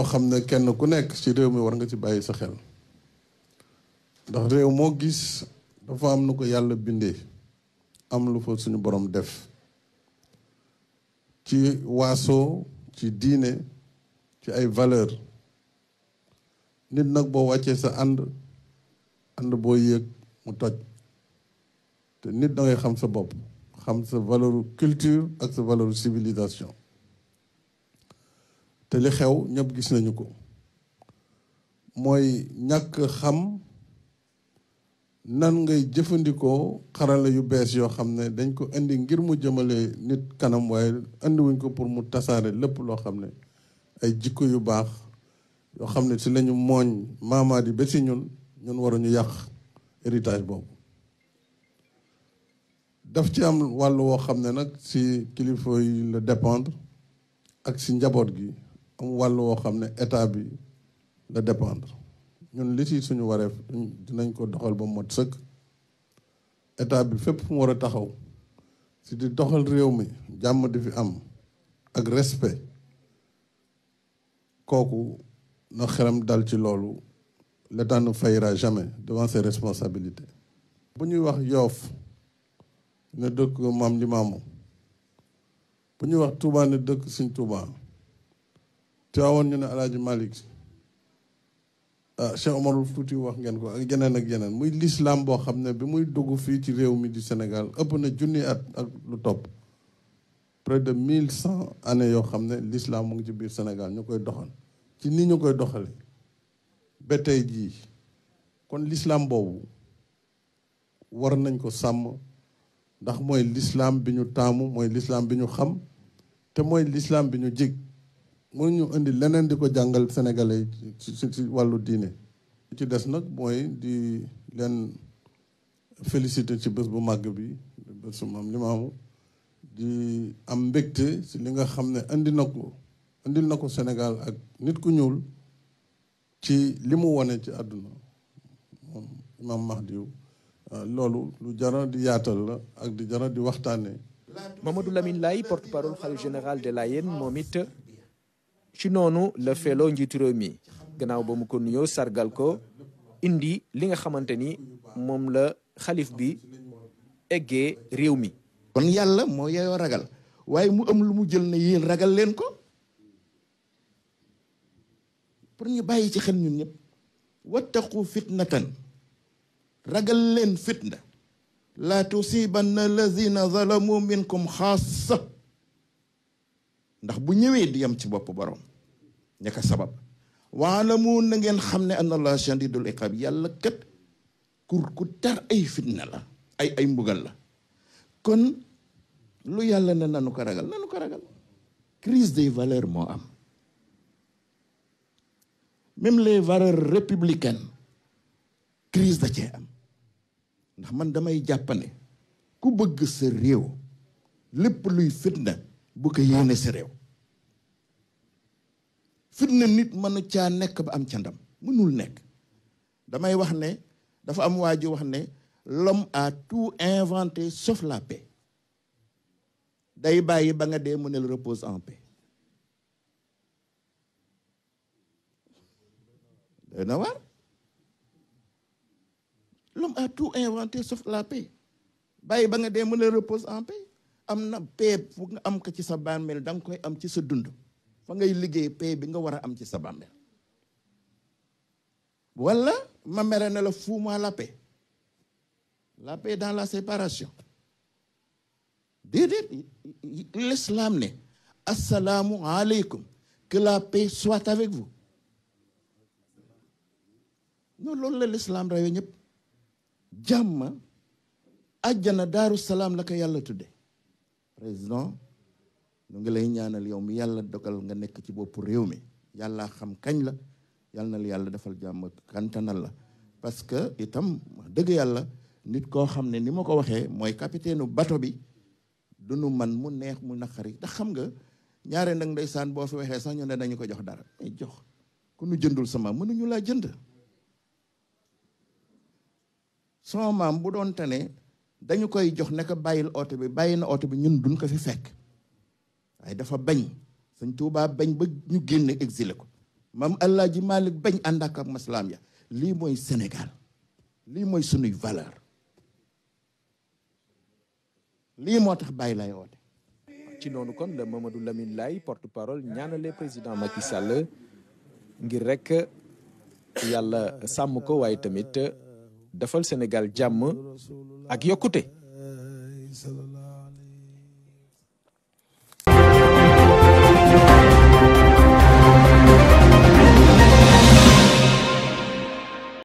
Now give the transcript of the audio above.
loo xam ne kenn ku nekk ci réew mi war nga ci bàyyi sa xel ndax réew moo gis dafa am nu ko yàlla bindee am lu fa suñu borom def ci waaso ci diine ci ay valeur nit nag boo wàccee sa ànd ànd boo yéeg mu toj te nit da xam sa bopp xam sa valeur culture ak sa valeur civilisation te li xew ñépp gis nañu ko mooy ñàkk xam nan ngay jëfandikoo xarala yu bees yoo xam ne dañ ko indi ngir mu jëmale nit kanam waaye indiwuñ ko pour mu tasaare lépp loo xam ne ay jikko yu baax yoo xam ne si lañu mooñ maamaat yi ba si ñun ñun waruñu yàq héritage boobu daf ci am wàll woo xam ne nag si kilifa yi la dépendre ak si njaboot gi am wàll woo xam ne état bi la dépendre ñun li ci suñu wareef dinañ ko doxal ba mot sëkk état bi fépp mu war a taxaw si di doxal réew mi jàmm di fi am ak respect kooku na xelam dal ci loolu l'état ne faillira jamais devant ses responsabilités bu ñuy wax yoof ne dëkk maam Limaamu bu ñuy wax Touba ne dëkk Sëñ Touba Tiwaawoon ñu ne Alaaji Malick ah Cheikh Omarul Fouti wax ngeen ko ak geneen ak yeneen muy lislaam boo xam ne bi muy dugg fii ci réew mi di Sénégal ëpp na junni at ak lu topp près de mille cent année yoo xam ne lislaam mu ngi ci biir Sénégal ñu koy doxal ci nii ñu koy doxale ba tey jii kon lislaam boobu war nañ ko sàmm ndax mooy lislaam bi ñu taamu mooy lislaam bi ñu xam te mooy lislaam bi ñu jig ñu indi leneen di ko jàngal sénégalais ci ci wàllu diine ci des nag mooy di leen félicité ci bés bu màgg bi bésu maam Limaamu di am mbégte si li nga xam ne indi na ko indil na ko Sénégal ak nit ku ñuul ci li mu wone ci àdduna moom imaam Mahdiou ah, loolu lu jara di yaatal la ak di jara di waxtaane a Lamine Laye porte-parole xalif général de Layène moom it ci noonu la feeloo njiitu réew mi gannaaw ba mu ko nuyoo sargal ko indi li nga xamante ni moom la xalif bi eggee réew mi kon yàlla mooy yeyoo ragal waaye mu am lu mu jël ne yéen ragal leen ko pour ñu bàyyi ci xel ñun ñëpp wattaqu fitnatan ragal leen fitna laa tusibanna allazina zalamu minkum xaasa ndax bu ñëwee di yam ci bopp borom ñaka sabab waalamu na ngeen xam ne anna allah shadidul iqab yàlla kat ku ku tar ay fitna la ay ay mbugal la kon lu yàlla na nanu ko ragal nanu ko ragal crise des valeurs moo am même les valeur républicaines crise da cee am ndax man damay jàpp ku bëgg sa réew lépp luy fitna bu ko yéene sa réew fit na nit mënu caa nekk ba am candam mënul nekk damay wax ne dafa am waa ji wax ne l'homme a tout inventé sauf la paix day bàyyi ba nga dee mu ne la repose en paix day na waar l'homme a tout inventé sauf la paix bàyyi ba nga dee mu ne la repose en paix am na paix fu nga am ko ci sa bàmmeel da koy am ci sa dund fa ngay liggéey paix bi nga war a am ci sa bàmmeel wala ma mere ne la fous-moi la dans la séparation déedéet l'islam ne assalaamu aleykum que la paix soit avec vous loolu la l'islam rawe ñëpp jàmm ajjana daaru salaam la ko yàlla tudde président ñu ngi lay ñaanal yow mi yàlla dogal nga nekk ci boppu réew mi yàlla xam kañ la yàlla na yàlla defal jàmm kantanal la parce que itam wax dëgg yàlla nit koo xam ne ni ma ko waxee mooy capitaine bato bi du nu man mu neex mu naqari ndax xam nga ñaare nag ndeysaan boo fi waxee sax ñu ne dañu ko jox dara ay jox ku nu jëndul sama mënuñu laa jënd sama maam bu doon tane dañu koy jox ne ko bàyyil oote bi bàyyi na oto bi ñun duñ ko fi fekk waaye dafa bañ sëñ Tuubaa bañ ba ñu génn exilé ko maam Alaaji Maalik bañ ànd ak maslaam ya lii mooy Sénégal lii mooy sunuy valeur lii moo tax bàyyi lay oote ci noonu kon la Mamadou Lamine Laye porte-parole ñaanale président Macky Sall ngir rek yàlla sàmm ko waaye tamit dafal Sénégal jàmm ak yokkute